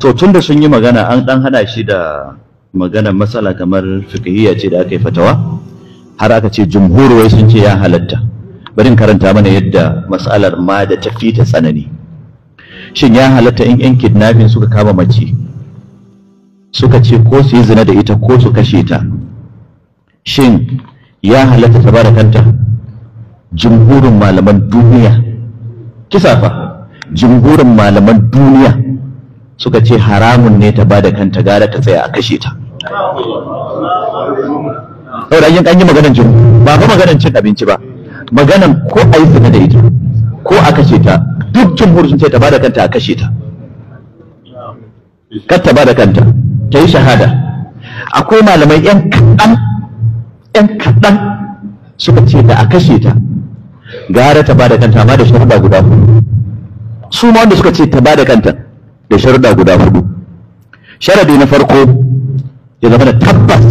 to da sun yi magana an dan hada shi da maganar matsala kamar fikihiyya ce da aka yi fatawa har aka ce jumhur sun ce ya halatta bari karanta mana yadda matsalar ma da ta ta tsanani shin ya halatta in yan kidnapping suka kama mace suka ce ko su yi zina da ita ko su kashe ta shin ya halatta ta bada kanta jumhurin malaman duniya kisa fa jumhurin malaman duniya suka ce haramun ne ta bada kanta gara ta tsaya a kashe ta saboda an yi maganar jiru ba ba maganar cin abinci ba Maganar ko a yi zina da ita ko a kashe ta duk cin sun ce ta bada kanta a kashe ta kar ta bada kanta ta yi shahada akwai malamai yan kaɗan yan kaɗan suka ce da a kashe ta gara ta bada kanta ma da shi ba guda su ma wanda suka ce ta bada kanta da sharuɗa guda hudu sharadi na farko ya zama da tabbas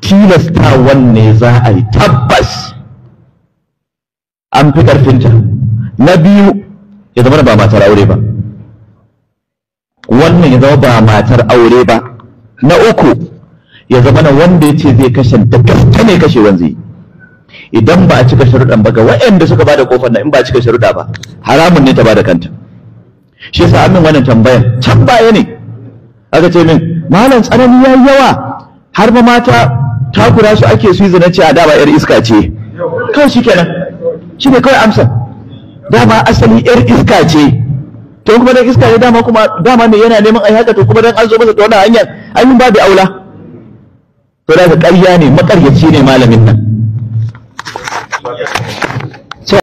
tilastawan ne za a yi tabbas an fi ƙarfinta na biyu ya zama ba matar aure ba wannan ya zama ba matar aure ba na uku ya zama na wanda ya ce zai kashe da gaske ne kashe wanzu idan ba a cika sharuɗan ba ga waɗanda suka ba da kofar na in ba a cika sharuɗa ba haramun ne ta ba da kanta shi yasa amin wannan tambayar can baya ne aka ce min malam tsanani yayi yawa har ma mata takura su ake su zina ce a dama yar iska ce kawai shikenan ne kawai amsa dama asali yar iska ce to kuma dan iska ne dama kuma dama ne yana neman ai haka to kuma dan an zo masa ta wannan hanyar ai mun babu aula to da ka ƙarya ne makaryaci ne malamin nan